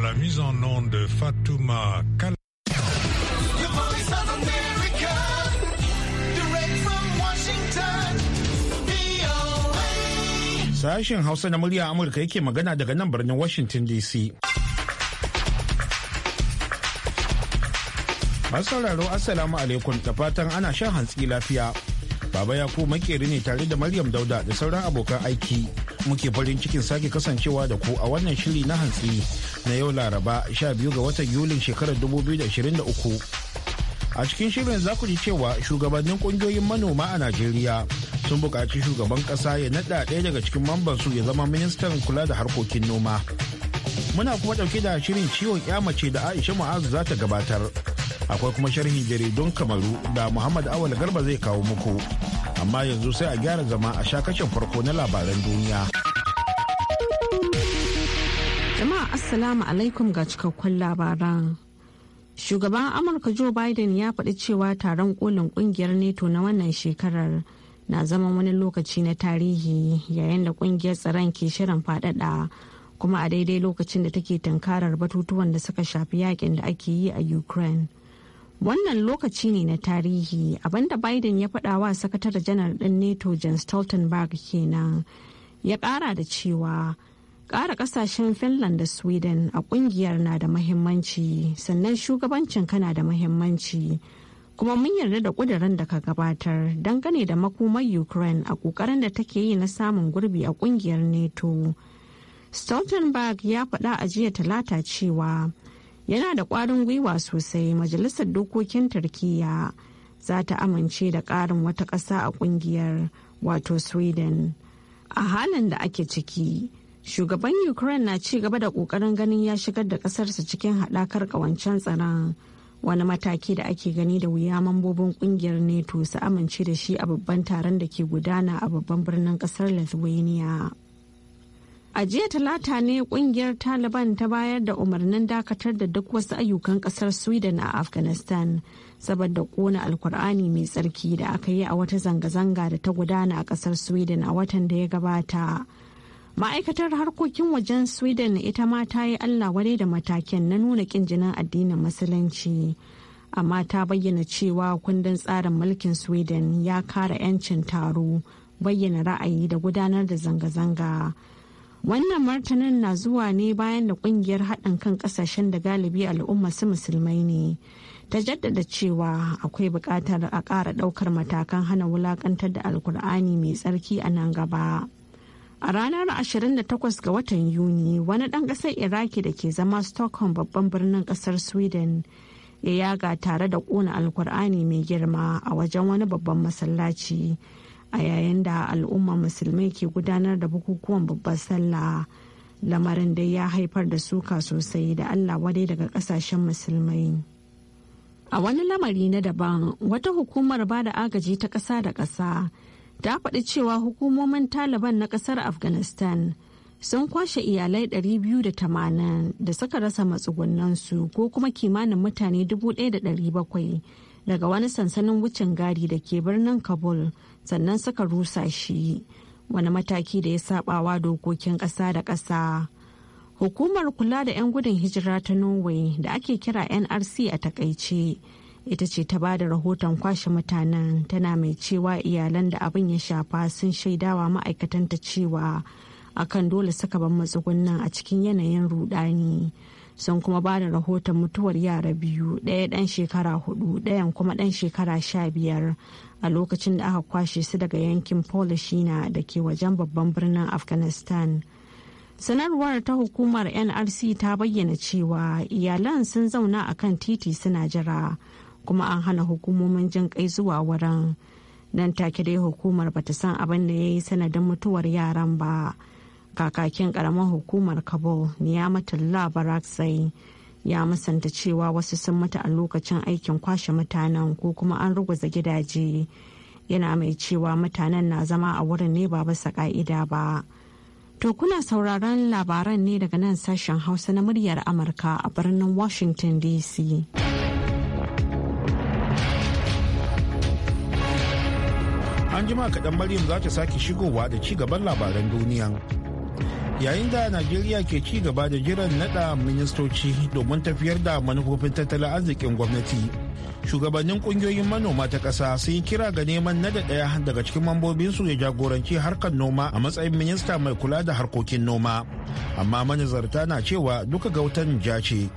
la mise en nom de Fatouma Kal Sashen Hausa na murya Amurka yake magana daga nan birnin Washington DC. sauraro Assalamu alaikum da fatan ana shan hantsi lafiya. Baba Yakubu makeri ne tare da Maryam Dauda da sauran abokan aiki. muke farin cikin sake kasancewa da ku a wannan shiri na hantsi na yau laraba 12 ga watan yulin shekarar 2023 a cikin shirin za ku ji cewa shugabannin kungiyoyin manoma a najeriya sun buƙaci shugaban ƙasa ya naɗa ɗaya daga cikin mamban su ya zama ministan kula da harkokin noma muna kuma ɗauke da shirin ciwon mace da aisha ma'azu za ta gabatar akwai kuma sharhin jaridun kamaru da muhammad awal garba zai kawo muku amma yanzu sai a gyara zama a sha kashin farko na labaran duniya. Jama'a Assalamu alaikum ga cikakkun labaran. Shugaban Amurka Joe Biden ya faɗi cewa taron kolin kungiyar NATO na wannan shekarar na zama wani lokaci na tarihi yayin da kungiyar tsaron ke shirin faɗaɗa kuma a daidai lokacin da take tunkarar batutuwan da suka shafi yakin da ake yi a Ukraine. Wannan lokaci ne na tarihi abinda Biden ya faɗa wa sakatare janar ɗin NATO jens Stoltenberg kenan ya ƙara da cewa. kara kasashen Finland da Sweden a kungiyar na da mahimmanci sannan shugabancin kana da mahimmanci. Kuma mun yarda da kudirin da ka gabatar dangane da makomar Ukraine a kokarin da take yi na samun gurbi a kungiyar NATO. Stoltenberg ya faɗa a jiya talata cewa yana da ƙwarin gwiwa sosai majalisar dokokin turkiya za ta amince da ƙarin wata ƙasa a kungiyar wato Sweden. A halin da ake ciki. shugaban ukraine na ci gaba da kokarin ganin ya shigar da kasarsa cikin hadakar ƙawancen tsaron wani mataki da ake gani da wuya mambobin kungiyar NATO su amince da shi a babban taron da ke gudana a babban birnin kasar lithuania a jiya talata ne kungiyar taliban ta bayar da umarnin dakatar da duk wasu ayyukan kasar sweden a afghanistan saboda kona alkur'ani mai tsarki da aka yi a wata zanga-zanga da ta gudana a kasar sweden a watan da ya gabata ma'aikatar harkokin wajen sweden ita ma ta yi allah wadai da mataken na nuna kin jinin addinin musulunci amma ta bayyana cewa kundin tsarin mulkin sweden ya kara 'yancin taro bayyana ra'ayi da gudanar da zanga-zanga wannan martanin na zuwa ne bayan da kungiyar haɗin kan ƙasashen da galibi al'umma su musulmai ne ta jaddada cewa akwai buƙatar a ƙara ɗaukar matakan hana wulaƙantar da alkur'ani mai tsarki a nan gaba. A ranar 28 ga watan Yuni, wani ɗan ƙasar Iraki da ke zama Stockholm babban birnin ƙasar Sweden ya yaga tare da ƙona alkur'ani mai girma a wajen wani babban masallaci a yayin da al'umma musulmai ke gudanar da bukukuwan babbar sallah. Lamarin dai ya haifar da suka sosai da Allah wadai daga ƙasashen musulmai. A wani lamari na daban, wata hukumar ba da agaji ta ƙasa da ƙasa. ta faɗi cewa hukumomin taliban na ƙasar afghanistan sun kwashe iyalai 280 da suka rasa matsugunansu ko kuma kimanin mutane 1,700 daga wani sansanin wucin gadi da ke birnin kabul sannan suka rusa shi wani mataki da ya sabawa dokokin ƙasa da ƙasa hukumar kula da 'yan gudun hijira ta norway da ake kira nrc a takaice ita ce ta ba da rahoton kwashe mutanen tana mai cewa iyalan da abin ya shafa sun shaidawa ma'aikatanta cewa akan dole saka ban matsugunan a cikin yanayin rudani sun kuma ba da rahoton mutuwar yara biyu ɗaya ɗan shekara hudu ɗayan kuma ɗan shekara sha biyar a lokacin da aka kwashe su daga yankin polishina da ke wajen babban birnin afghanistan sanarwar ta hukumar nrc ta bayyana cewa iyalan sun zauna akan titi suna jira kuma an hana hukumomin jin kai zuwa wurin nan take dai hukumar bata san abin da ya yi sanadin mutuwar yaran ba kakakin karamar hukumar kabul niyamatullah barak sai ya musanta cewa wasu sun mutu a lokacin aikin kwashe mutanen ko kuma an ruguza gidaje yana mai cewa mutanen na zama a wurin ne ba bisa ka'ida ba to kuna sauraron labaran ne daga nan sashen hausa na muryar amurka a birnin washington dc jima kaɗan Maryam za ta sake shigowa da ci gaban labaran duniya. Yayin da Najeriya ke ci gaba da jiran naɗa ministoci domin tafiyar da manufofin tattalin arzikin gwamnati. Shugabannin kungiyoyin manoma ta ƙasa sun yi kira ga neman nada ɗaya daga cikin mambobinsu ya jagoranci harkar noma a matsayin minista mai kula da harkokin noma. Amma manazarta na cewa duka gautan ja ce.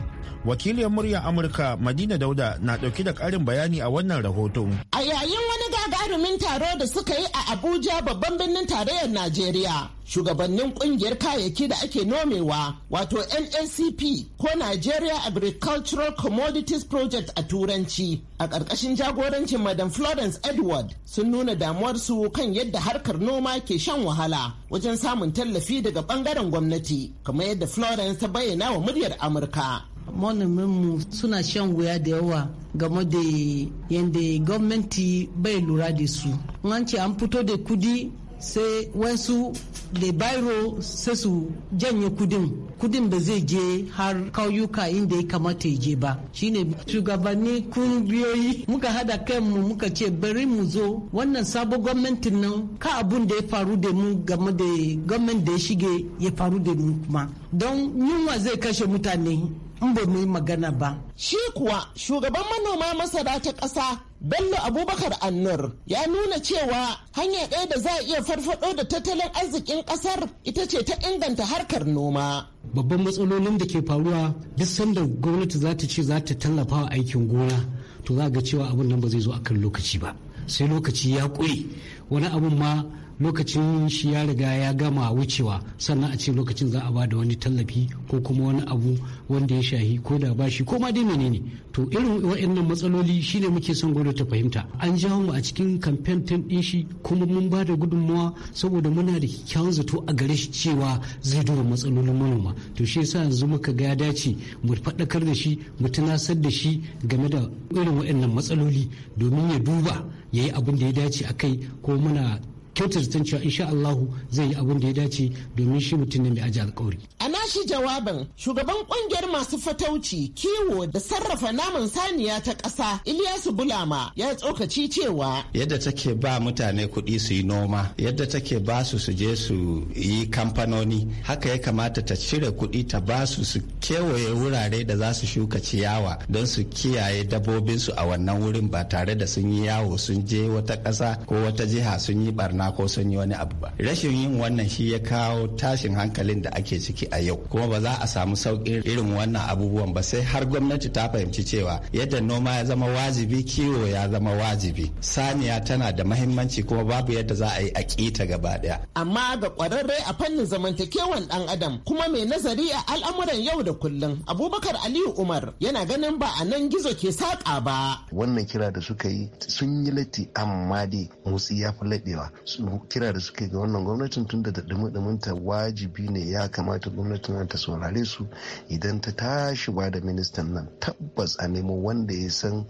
wakiliyar murya amurka madina dauda na dauki da karin bayani a wannan rahoto. a yayin wani gagarumin taro da suka yi a abuja babban birnin tarayyar najeriya shugabannin kungiyar kayayyaki da ake nomewa wato nacp ko nigeria agricultural commodities project a turanci a ƙarƙashin jagorancin madam florence edward sun nuna damuwarsu kan yadda harkar noma ke shan wahala wajen samun tallafi daga ɓangaren gwamnati kamar yadda florence ta bayyana wa muryar amurka mu suna shan wuya da yawa game da yadda gwamnati bai lura da su an an fito da kudi sai wasu da bairo sai su janye kudin kudin ba zai je har kauyuka inda ya kamata ya je ba shine shugabanni kungiyoyi muka hada kanmu muka ce bari mu zo wannan sabo gwamnatin nan ka abun da ya faru da mu game da gwamnati da ya shige ya faru da mu kuma don yunwa zai kashe mutane in ba mu magana ba. Shi kuwa shugaban manoma masara ta ƙasa Bello Abubakar Annur ya nuna cewa hanya ɗaya da za a iya farfaɗo da tattalin arzikin ƙasar ita ce ta inganta harkar noma. Babban matsalolin da ke faruwa duk sanda gwamnati za ta ce za ta tallafa wa aikin gona to za ga cewa abin nan ba zai zo akan lokaci ba. Sai lokaci ya ƙure wani abun ma lokacin shi ya riga ya gama wucewa sannan a ce lokacin za a ba da wani tallafi ko kuma wani abu wanda ya shahi ko da bashi ko ma dai menene to irin waɗannan matsaloli shine muke son gwamnati ta fahimta an jawo mu a cikin kamfen din shi kuma mun ba da gudunmawa saboda muna da kyawun zato a gare shi cewa zai duba matsalolin manoma to shi yasa yanzu muka ga ya dace mu faɗakar da shi mu tunasar da shi game da irin waɗannan matsaloli domin ya duba ya yi abin da ya dace a kai ko muna kyautata cewa insha Allahu zai yi abun da ya dace domin shi mutum ne mai aji alkawari. A nashi jawaban shugaban kungiyar masu fatauci kiwo da sarrafa naman saniya ta ƙasa Ilyasu Bulama ya tsokaci cewa. Yadda take ba mutane kuɗi su yi noma yadda take ba su su je su yi kamfanoni haka ya kamata ta cire kuɗi ta ba su su kewaye wurare da za su shuka ciyawa don su kiyaye dabobinsu a wannan wurin ba tare da sun yi yawo sun je wata ƙasa ko wata jiha sun yi barna barna ko sun yi wani abu ba rashin yin wannan shi ya kawo tashin hankalin da ake ciki a yau kuma ba za a samu sauƙin irin wannan abubuwan ba sai har gwamnati ta fahimci cewa yadda noma ya zama wajibi kiwo ya zama wajibi saniya tana da mahimmanci kuma babu yadda za a yi a kita gaba daya amma ga ƙwararre a fannin zamantakewan ɗan adam kuma mai nazari a al'amuran yau da kullum abubakar aliyu umar yana ganin ba a nan gizo ke saƙa ba wannan kira da suka yi sun yi latti amma dai motsi ya fi laɗewa kira da suke ga wannan gwamnatin tun da ta wajibi ne ya kamata gwamnatin na ta saurare su idan ta tashi ba da ministan nan tabbas a nemo wanda ya san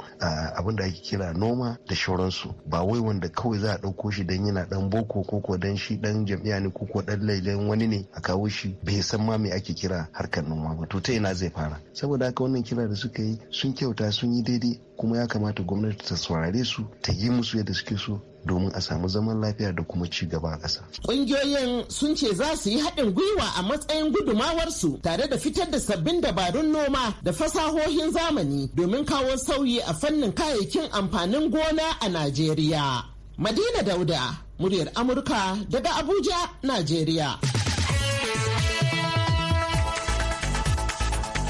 abin da ake kira noma da shauransu ba wai wanda kawai za a ɗauko shi don yana dan boko ko ko dan shi dan jami'a ne ko ko dan lailan wani ne a kawo shi bai san ma me ake kira harkar noma ba to ta ina zai fara saboda haka wannan kira da suka yi sun kyauta sun yi daidai kuma ya kamata gwamnati ta saurare su ta yi musu yadda suke so domin a samu zaman lafiya da kuma ci gaba a ƙasa. Ƙungiyoyin sun ce za su yi haɗin gwiwa a matsayin gudumawarsu tare da fitar da sabbin dabarun noma da fasahohin zamani domin kawo sauyi a fannin kayayyakin amfanin gona a Najeriya. Madina Dauda, muryar Amurka daga Abuja, Najeriya.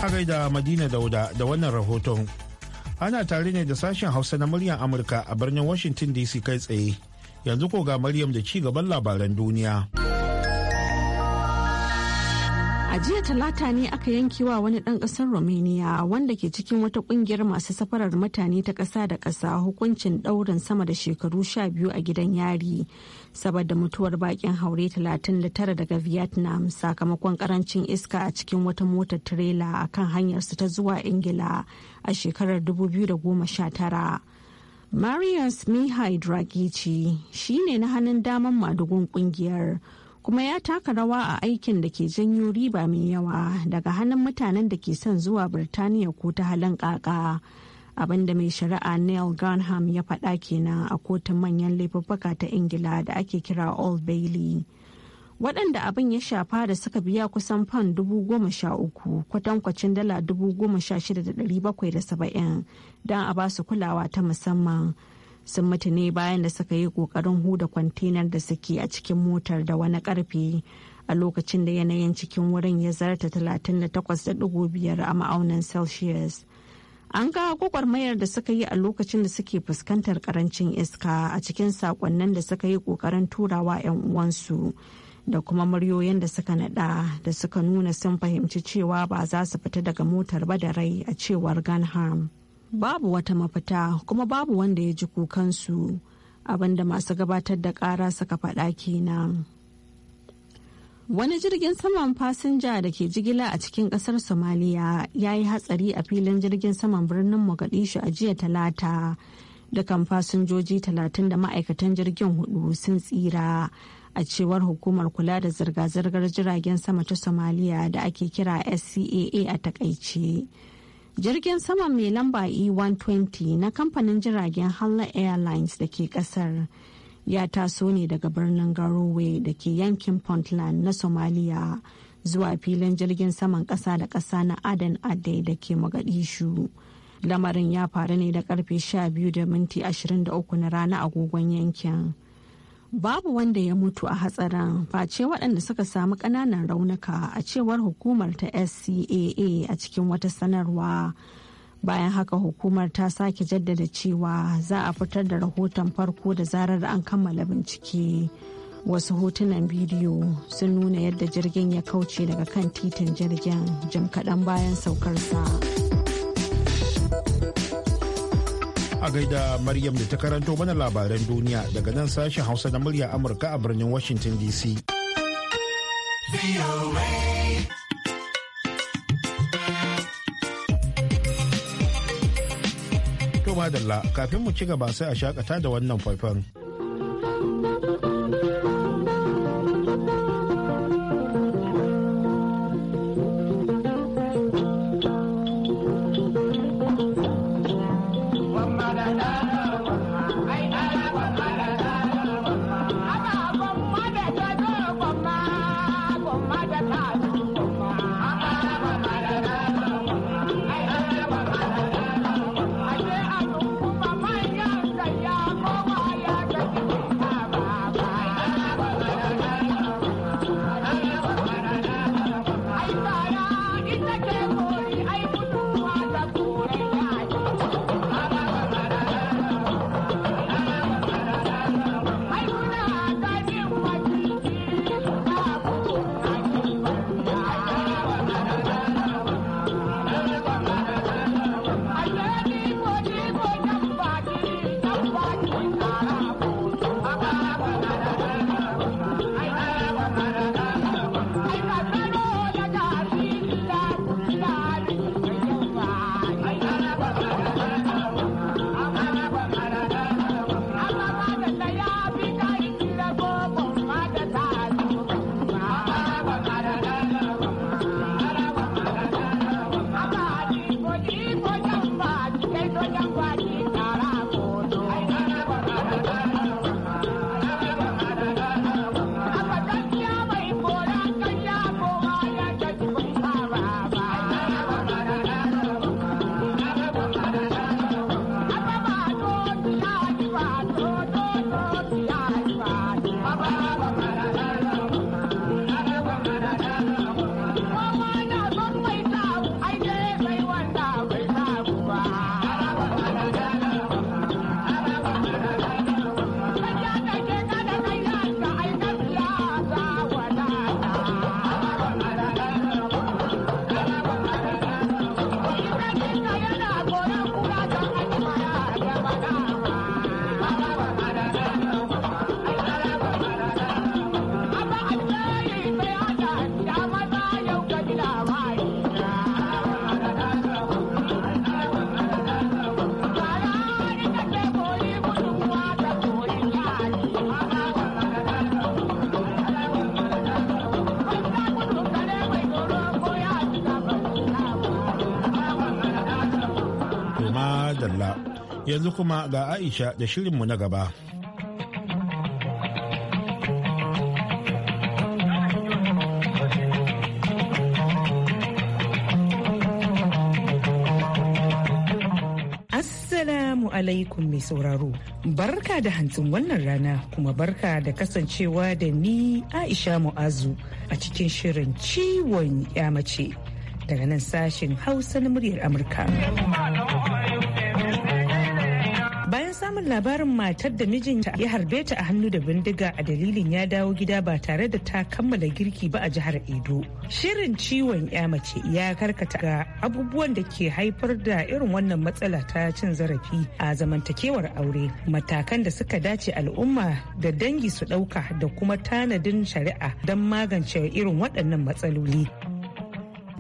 A gaida Madina Dauda da wannan rahoton ana tare ne da sashen hausa na muryar amurka a birnin washington dc kai tsaye yanzu ko ga maryam da ci gaban labaran duniya. A jiya talata ne aka yanke wa wani ɗan ƙasar Romania wanda ke cikin wata ƙungiyar masu safarar mutane ta ƙasa da ƙasa hukuncin ɗaurin sama da shekaru sha biyu a gidan yari. Saboda mutuwar baƙin haure 39 daga Vietnam sakamakon ƙarancin iska a cikin wata motar tirela a kan hanyarsu ta zuwa Ingila a shekarar 2019. Marius Mihai Dragici shi ne na hannun daman madugun ƙungiyar. kuma ya taka rawa a aikin da ke janyo riba mai yawa daga hannun mutanen da ke son zuwa birtaniya ko ta halin kaka abinda mai shari'a neil granham ya faɗa kenan a kotun manyan laifuffuka ta ingila da ake kira old bailey waɗanda abin ya shafa da suka biya kusan fan dubu goma sha uku kwatankwacin dala dubu goma sha shida da ɗari bakwai da saba'in don a ba su kulawa ta musamman sun mutu ne bayan da suka yi kokarin huda kwantenar da suke a cikin motar da wani karfe a lokacin da yanayin cikin wurin ya zarta 38.5 a ma'aunin celsius an ga gwagwarmayar da suka yi a lokacin da suke fuskantar karancin iska a cikin sakonnin da suka yi kokarin turawa 'yan uwansu da kuma muryoyin da suka nada da suka nuna sun fahimci cewa ba za su fita daga motar ba da rai a cewar ganham babu wata mafita kuma babu wanda ya ji kukansu abinda masu gabatar da kara suka faɗa kenan. Wani jirgin saman fasinja da ke jigila a cikin ƙasar Somaliya ya yi hatsari a filin jirgin saman birnin Mogadishu a jiya talata. Dukan fasinjoji talatin da ma'aikatan jirgin hudu sun tsira a cewar hukumar kula da zirga-zirgar jiragen sama ta Somaliya da ake kira SCAA a takaice. jirgin sama mai lamba e120 na kamfanin jiragen Hala airlines da ke kasar ya taso ne daga birnin garowe da ke yankin puntland na somalia zuwa filin jirgin saman kasa da kasa na adan adai da ke mogadishu lamarin ya faru ne da karfe 12:23 na rana agogon yankin babu wanda ya mutu a hatsarin face waɗanda suka samu ƙananan raunuka a cewar hukumar ta scaa a cikin wata sanarwa bayan haka hukumar ta sake jaddada cewa za a fitar da rahoton farko da zarar an kammala bincike wasu hotunan bidiyo sun nuna yadda jirgin ya kauce daga kan titin jirgin jim kaɗan bayan saukarsa. a gaida Maryam da ta karanto mana labaran duniya daga nan sashen Hausa na murya Amurka a birnin Washington DC. To madalla kafin mu ci gaba sai a shakata da wannan faifan. yanzu kuma ga aisha da shirinmu na gaba Assalamu alaikum mai sauraro. Barka da hantsin wannan rana kuma barka da kasancewa da ni Aisha Mu'azu a cikin shirin ciwon ya mace daga nan sashen Hausa na muryar Amurka. bayan samun labarin matar da mijinta ya harbe ta a hannu da bindiga a dalilin ya dawo gida ba tare da ta kammala girki ba a jihar edo shirin ciwon ya mace ya karkata ga abubuwan da ke haifar da irin wannan matsala ta cin zarafi a zamantakewar aure matakan da suka dace al'umma da dangi su ɗauka da kuma tanadin shari'a don magance irin waɗannan matsaloli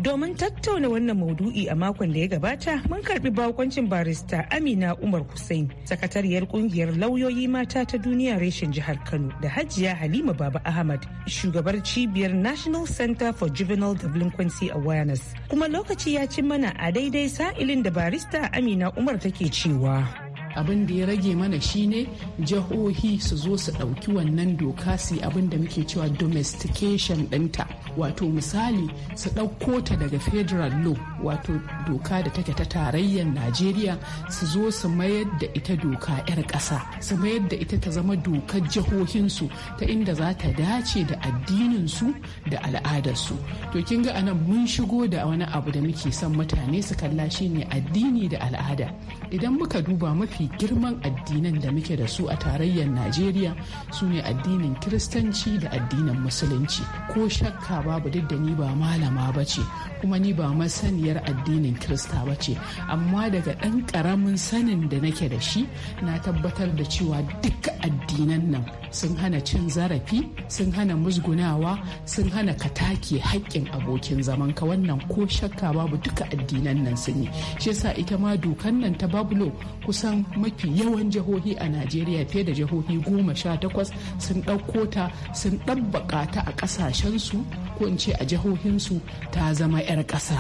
Domin tattauna wannan maudu'i a makon da ya gabata mun karbi bakoncin barista Amina Umar Hussein, sakatariyar kungiyar lauyoyi mata ta duniya reshen jihar Kano da Hajiya Halima Baba Ahmad, shugabar cibiyar National Center for Juvenile Delinquency Awareness. Kuma lokaci ya ci mana a daidai sa'ilin da barista Amina Umar take cewa. abin da ya rage mana shine jihohi su zo su ɗauki wannan doka su abin da muke cewa domestication ɗinta wato misali su ɗauko ta daga federal law wato doka da take ta tarayyar najeriya su zo su mayar da ita doka 'yar ƙasa su mayar da ita ta zama dokar jihohinsu ta inda za ta dace da addininsu da al'adarsu to kin ga anan mun shigo da wani abu da muke son mutane su kalla shine addini da al'ada idan muka duba mafi mafi girman addinan da muke da su a tarayyar najeriya su ne addinin kiristanci da addinin musulunci ko shakka babu duk da ni ba malama ba ce kuma ni ba masaniyar addinin Kirista ba ce amma daga ɗan ƙaramin sanin da nake da shi na tabbatar da cewa duka addinan nan sun hana cin zarafi sun hana musgunawa sun hana kataki haƙƙin abokin zaman ka wannan ko shakka babu duka addinan nan sun yi shi yasa ita ma dokan nan ta bablo kusan mafi yawan jihohi a najeriya fiye da jihohi goma sha takwas sun ɗauko ta sun ɗabbaƙa ta a ƙasashensu ko in ce a jihohinsu ta zama 'yar ƙasa.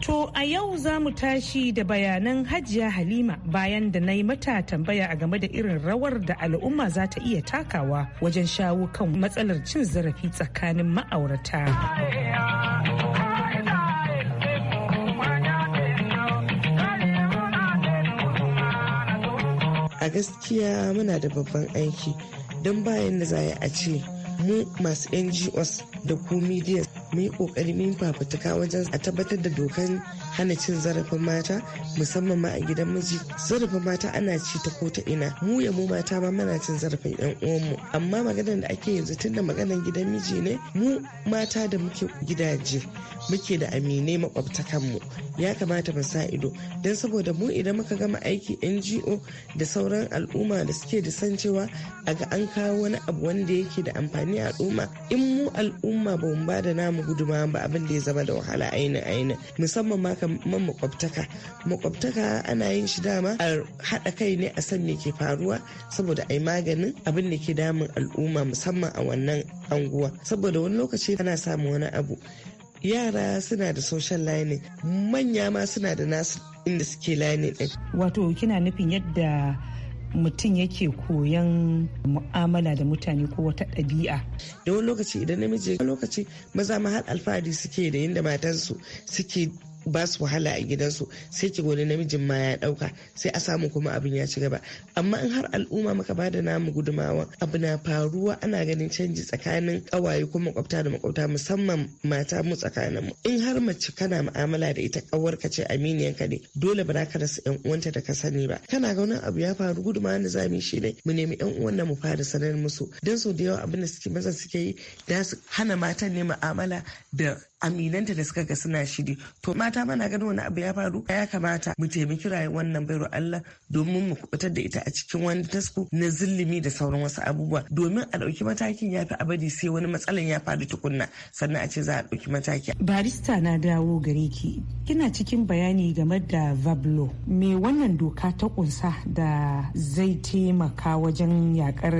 to a yau za mu tashi da bayanan hajiya halima bayan da na yi mata tambaya a game da irin rawar da al'umma za ta iya takawa wajen shawo kan matsalar cin zarafi tsakanin ma'aurata a gaskiya muna da babban aiki don bayan da za a ce mu masu ngos da ku media mu yi kokari mu fafutuka wajen a tabbatar da dokan hana cin zarafin mata musamman ma a gidan miji zarafin mata ana ci ta ko ta ina mu ya mu mata ma muna cin zarafin yan uwanmu amma maganar da ake yanzu tunda maganar gidan miji ne mu mata da muke gidaje muke da aminai mu ya kamata mu sa ido don saboda mu idan muka gama aiki ngo da sauran al'umma da suke da san cewa a ga an kawo wani abu wanda yake da amfani a al'umma in mu al'umma ba mu ba da namu guduma ba abin da ya zama da wahala aini-aini musamman ma kamar makwabtaka makwabtaka ana yin shi dama a haɗa kai ne a san me ke faruwa saboda ai maganin abin da ke damun al'umma musamman a wannan anguwa saboda wani lokaci ana samun wani abu yara suna da social line manya ma suna da nasu inda suke line. din wato kina nufin yadda mutum yake koyan mu'amala da mutane ko wata ɗabi'a. Da wani lokaci idan namiji lokaci maza ma har alfahari suke da yin da matansu suke ba su wahala a gidansu sai ki wani namijin ma ya dauka sai a samu kuma abin ya ci gaba amma in har al'umma muka bada namu gudumawa abu na faruwa ana ganin canji tsakanin kawaye kuma makwabta da makwabta musamman mata mu tsakaninmu in har mace kana mu'amala da ita kawarka ce aminiyanka ne dole ba za ka rasa yan uwanta da ka sani ba kana ga wani abu ya faru gudumawa da zamu shi ne mu nemi yan uwan mu fara sanar musu dan so da yawa abin da suke maza suke yi da su hana matan ne mu'amala da aminanta da suka ga suna shiri to mata mana ganin wani abu ya faru ya kamata mu taimaki rayuwar wannan bairo Allah domin mu kubutar da ita a cikin wani tasko na zillimi da sauran wasu abubuwa domin a ɗauki matakin ya fi abadi sai wani matsalan ya faru tukunna sannan a ce za a dauki mataki. barista na dawo gare ki kina cikin bayani game da vablo me wannan doka ta kunsa da zai taimaka wajen yakar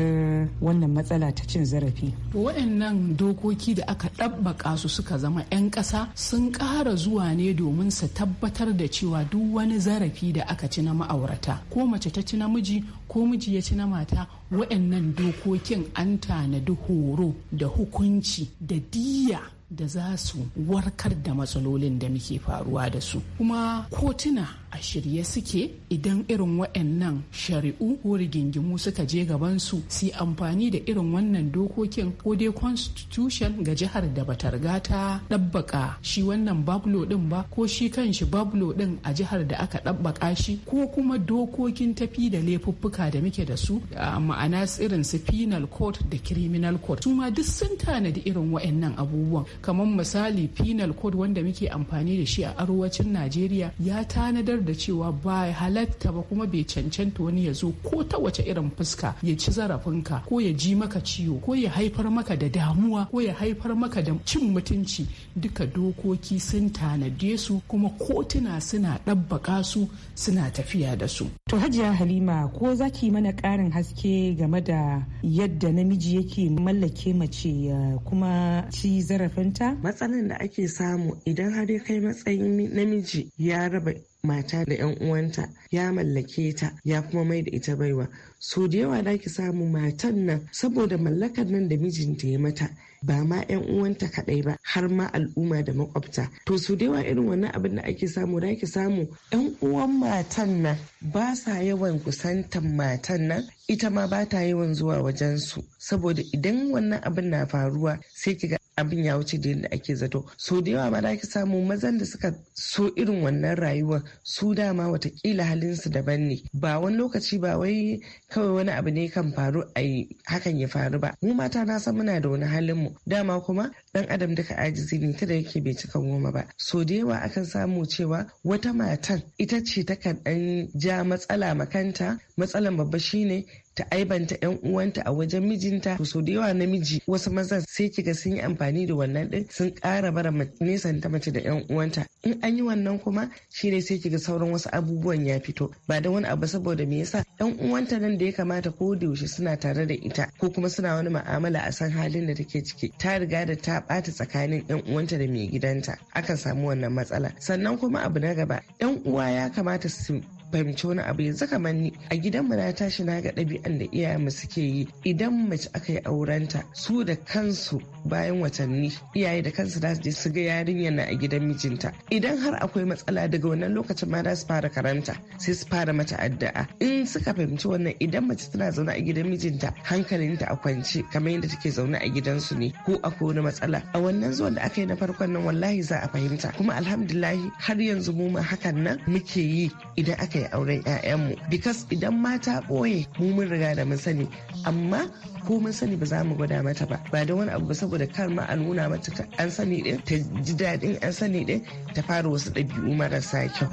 wannan matsala ta cin zarafi waɗannan dokoki da aka ɗabbaka su suka zama 'yan ƙasa sun ƙara zuwa ne domin su tabbatar da cewa duk wani zarafi da aka ci na ma'aurata ko mace ta ci namiji ko miji ya ci na mata waɗannan dokokin an tanadi horo da hukunci da diya da za su warkar da matsalolin da muke faruwa da su kuma kotuna a shirye suke idan irin waɗannan shari'u ko rigingimu suka je gabansu su amfani da irin wannan dokokin ko dai constitution ga jihar da bata riga ta ɗabbaka shi wannan bablo ɗin ba ko shi kanshi bablo ɗin a jihar da aka ɗabbaka shi ko kuma dokokin tafi da laifuffuka da muke da su ma'ana irin su penal court da criminal court su ma duk sun tanadi irin waɗannan abubuwan kamar misali penal code wanda muke amfani da shi a arewacin najeriya ya tanadar da cewa ba halatta ba kuma bai cancanta wani ya zo ko ta wace irin fuska ya ci zarafinka ko ya ji maka ciwo ko ya haifar maka da damuwa ko ya haifar maka da cin mutunci duka dokoki sun tanade su kuma kotuna suna ɗabbaka su suna tafiya da su. To Hajiya Halima ko za ki mana ƙarin haske game da yadda namiji yake mallake mace kuma ci zarafinta? Matsalan da ake samu idan har ya kai matsayin namiji ya raba mata da 'yan uwanta ya mallake ta ya kuma mai da ita baiwa so da yawa da ki samu matan nan saboda mallakar nan da mijinta ya mata ba ma 'yan uwanta kaɗai ba har ma al'umma da makwabta to su da yawa irin wannan abin da ake samu da ake samu 'yan uwan matan nan ba sa yawan kusantan matan nan ita ma ba ta yawan zuwa wajen su. saboda idan wannan abin na faruwa sai kiga abin ya wuce da yadda ake zato so da yawa ma da ake samu mazan da suka so irin wannan rayuwar su dama watakila halinsu daban ne ba wani lokaci ba wai kawai wani abu ne kan faru a hakan ya faru ba mu mata na san muna da wani halin mu dama kuma dan adam duka ajizi ne ta da yake bai cika goma ba so da yawa akan samu cewa wata matan ita ce taka dan ja matsala makanta matsalan babba shine ta aibanta yan uwanta a wajen mijinta to so da yawa namiji wasu mazan sai kiga sun yi amfani da wannan din sun kara bara nisan ta mace da yan uwanta in an yi wannan kuma shi shine sai kiga sauran wasu abubuwan ya fito ba da wani abu saboda me yasa yan uwanta nan da ya kamata ko da yaushe suna tare da ita ko kuma suna wani ma'amala a san halin da take ciki ta riga da ta ɓata tsakanin yan uwanta da mai gidanta akan samu wannan matsala sannan kuma abu na gaba yan uwa ya kamata su fahimci wani abu yanzu kamar ni a gidan mu na tashi na ga ɗabi'an da iyayen mu suke yi idan mace aka yi aurenta su da kansu bayan watanni iyaye da kansu za su je su ga yarinya na a gidan mijinta idan har akwai matsala daga wannan lokacin ma za su fara karanta sai su fara mata addu'a in suka fahimci wannan idan mace tana zaune a gidan mijinta hankalinta a kwance kamar yadda take zaune a gidansu ne ko akwai wani matsala a wannan zuwan da aka yi na farkon nan wallahi za a fahimta kuma alhamdulillahi har yanzu mu ma hakan nan muke yi idan aka yi yi auren 'ya'yanmu because idan mata ɓoye mu mun riga da mun sani amma ko mun sani ba za mu gwada mata ba ba da wani abu ba saboda kar ma a nuna mata an sani din ta ji daɗin an sani din ta fara wasu ɗabi'u marasa kyau.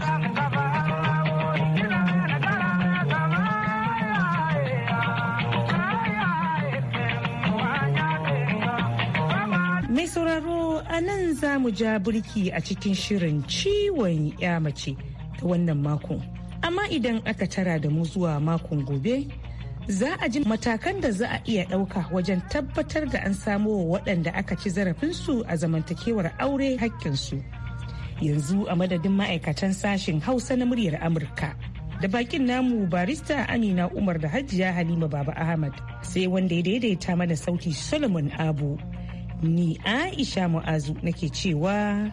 Mai sauraro a nan za mu ja burki a cikin shirin ciwon ya mace ta wannan makon. amma idan aka tara da mu zuwa makon gobe za a ji matakan da za a iya ɗauka wajen tabbatar da an samo wa waɗanda aka ci zarafinsu a zamantakewar aure hakkinsu yanzu a madadin ma'aikatan sashen hausa na muryar amurka da bakin namu barista amina umar da hajiya halima baba ahmad sai wanda ya daidaita mana sauti solomon abu ni aisha mu'azu nake cewa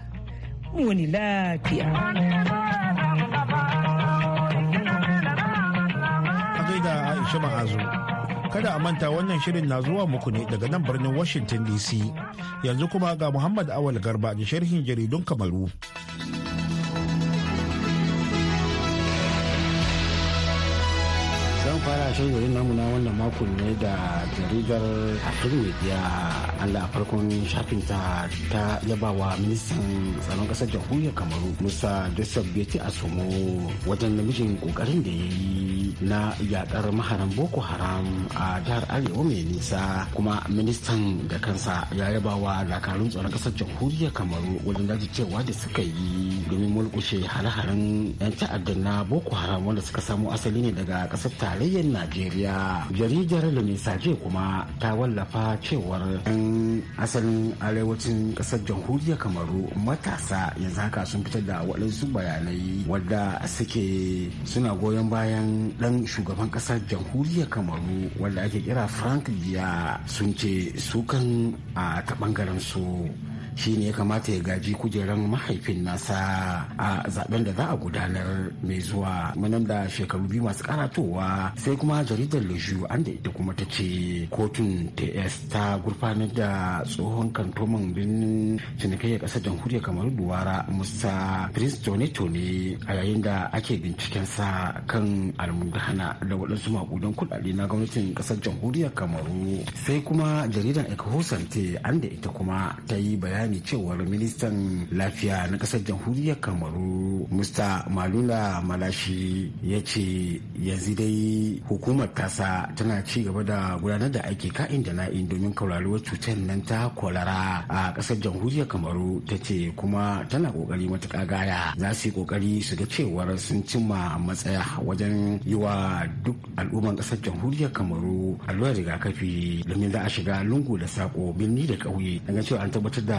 wani lafiya ci ma'azu. Kada a manta wannan shirin na zuwa muku ne daga nan birnin Washington DC. Yanzu kuma ga Muhammad Awal Garba da sharhin jaridun Kamaru. zan fara shan gari namu na wannan makon ne da jaridar afrin media allah farkon shafin ta ta yabawa ministan tsaron kasar jamhuriyar kamaru musa joseph a asomo wajen namijin kokarin da ya yi na yadar maharan boko haram a jihar arewa mai nisa kuma ministan da kansa ya yaba wa dakarun tsaron ƙasar jamhuriyar kamaru wajen daji cewa da suka yi domin mulkushe hare-haren 'yan ta'addan na boko haram wanda suka samo asali ne daga ƙasar tarayyar najeriya jaridar da ce kuma ta wallafa cewar 'yan asalin arewacin ƙasar jamhuriyar kamaru matasa yanzu haka sun fitar da waɗansu bayanai wadda suke suna goyon bayan dan shugaban kasar jamhuriyar kamaru wanda ake kira frank biya sun ce su a ta bangaren su shine ya kamata ya gaji kujeran mahaifin nasa a zaben da za a gudanar mai zuwa manan da shekaru biyu masu karatowa sai kuma jaridar leju an da ita kuma ta ce kotun ts ta gurfanar da tsohon kantoman birnin cinikayyar ƙasar jamhuriyar kamaru duwara musa prince tone tone a yayin da ake binciken sa kan almudahana da waɗansu maƙudan kuɗaɗe na gwamnatin ƙasar jamhuriyar kamaru sai kuma jaridar ekohosante an da ita kuma ta yi bayani ne cewar ministan lafiya na kasar jamhuriyar kamaru musta malula malashi ya ce yanzu dai hukumar tasa tana ci gaba da gudanar da aiki ka'in da na'in domin kauraruwar cutar nan ta kwalara a kasar jamhuriyar kamaru ta ce kuma tana kokari matuka gaya za su yi kokari su ga cewar sun cimma matsaya wajen yi wa duk al'umman kasar jamhuriyar kamaru allurar rigakafi domin za a shiga lungu da sako birni da ƙauye don cewa an tabbatar da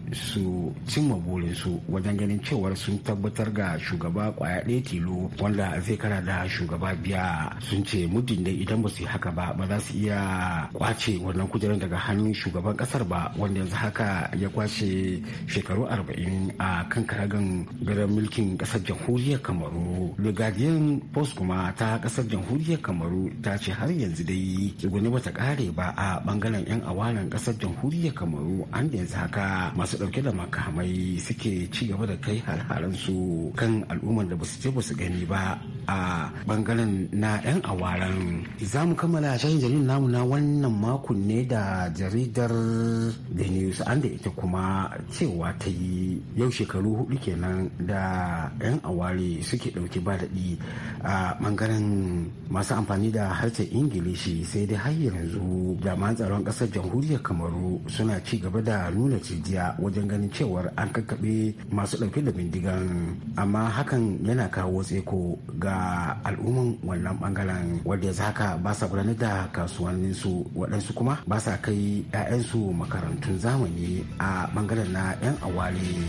su cimma burinsu wajen ganin cewar sun tabbatar ga shugaba kwaya ɗaya tilo wanda zai kara da shugaba biya sun ce muddin da idan ba su yi haka ba ba za su iya kwace wannan kujerar daga hannun shugaban ƙasar ba wanda yanzu haka ya kwace shekaru arba'in a kan karagan garin mulkin kasar jamhuriyar kamaru the guardian post kuma ta kasar jamhuriyar kamaru ta ce har yanzu dai tsuguni ba ta kare ba a bangaren yan awanan kasar jamhuriyar kamaru an da yanzu haka masu dauke da makamai suke ci gaba da kai har su kan al'ummar da basu je basu gani ba a bangaren na 'yan awaran za mu kammala shan jaridar namu na wannan makon ne da jaridar the news an da ita kuma cewa ta yi yau shekaru hudu kenan da 'yan aware suke dauke ba daɗi a bangaren masu amfani da harshen ingilishi sai dai har yanzu jami'an tsaron ƙasar jamhuriyar kamaru suna ci gaba da nuna cijiya wajen ganin cewar an kakkaɓe masu ɗauke da bindigan amma hakan yana kawo tseko ga al'umman wannan bangaren wanda yanzu haka ba sa gudanar da kasuwanninsu waɗansu kuma ba sa kai 'ya'yansu makarantun zamani a bangaren na 'yan awali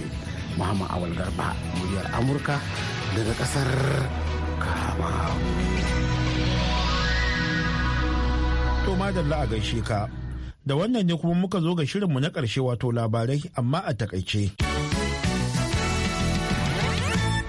muhammad awal garba muryar amurka daga ƙasar kamaru to madalla a gaishe ka da wannan ne kuma muka zo ga shirinmu na ƙarshe wato labarai amma a takaice.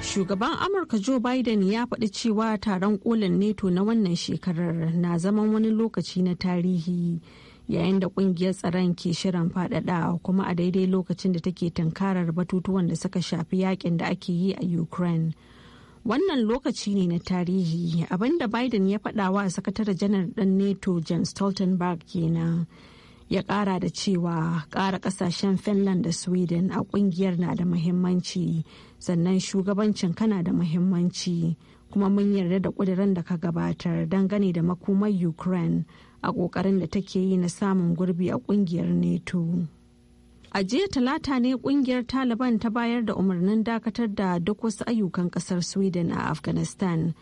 Shugaban Amurka Joe Biden ya faɗi cewa taron kolin NATO na wannan shekarar na zaman wani lokaci na tarihi yayin da ƙungiyar tsaron ke shirin faɗaɗa kuma a daidai lokacin da take tunkarar batutuwan da suka shafi yakin da ake yi a Ukraine. wannan lokaci ne na tarihi abinda biden ya faɗawa a sakatare janar ɗan nato Jens stoltenberg kenan ya kara da cewa kara kasashen finland da sweden a kungiyar na da muhimmanci sannan shugabancin kana da muhimmanci kuma mun yarda da kudirin da ka gabatar dangane da makomar ukraine a kokarin da take yi na samun gurbi a kungiyar neto a jiya talata ne kungiyar taliban ta bayar da umarnin dakatar da duk wasu ayyukan kasar sweden a afghanistan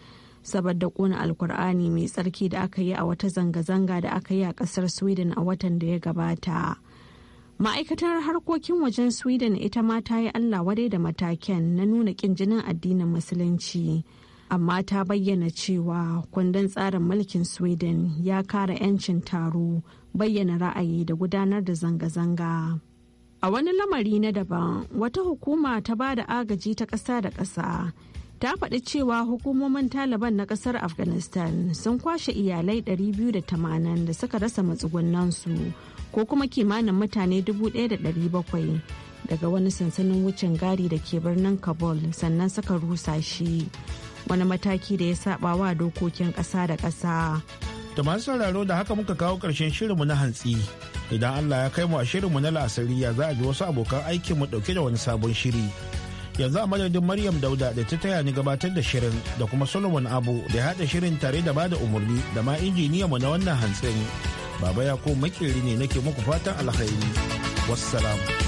saboda kona alkur'ani mai tsarki da aka yi a wata zanga-zanga da aka yi a kasar sweden a watan da ya gabata ma'aikatar harkokin wajen sweden ita ma ta yi allah wadai da mataken na nuna kin jinin addinin musulunci amma ta bayyana cewa kundin tsarin mulkin sweden ya kara 'yancin taro bayyana ra'ayi da gudanar da zanga-zanga a wani lamari na daban wata hukuma ta ba da agaji ta ƙasa da ƙasa ta faɗi cewa hukumomin taliban na ƙasar afghanistan sun kwashe iyalai 280 da suka rasa matsugunansu ko kuma kimanin mutane 1,700 daga wani sansanin wucin gari da ke birnin kabul sannan suka rusa shi wani mataki da ya saba wa dokokin ƙasa da ƙasa da masu sauraro da haka muka kawo ƙarshen shirinmu na hantsi idan allah ya kai mu a shirinmu na la'asariya za a ji wasu abokan aikinmu ɗauke da wani sabon shiri. yanzu a madadin maryam dauda da ta taya ni gabatar da shirin da kuma solomon abu da ya haɗa shirin tare da bada umarni da ma mu na wannan hantsin baba ya ko makirri ne nake muku fatan alkhairi wassalamu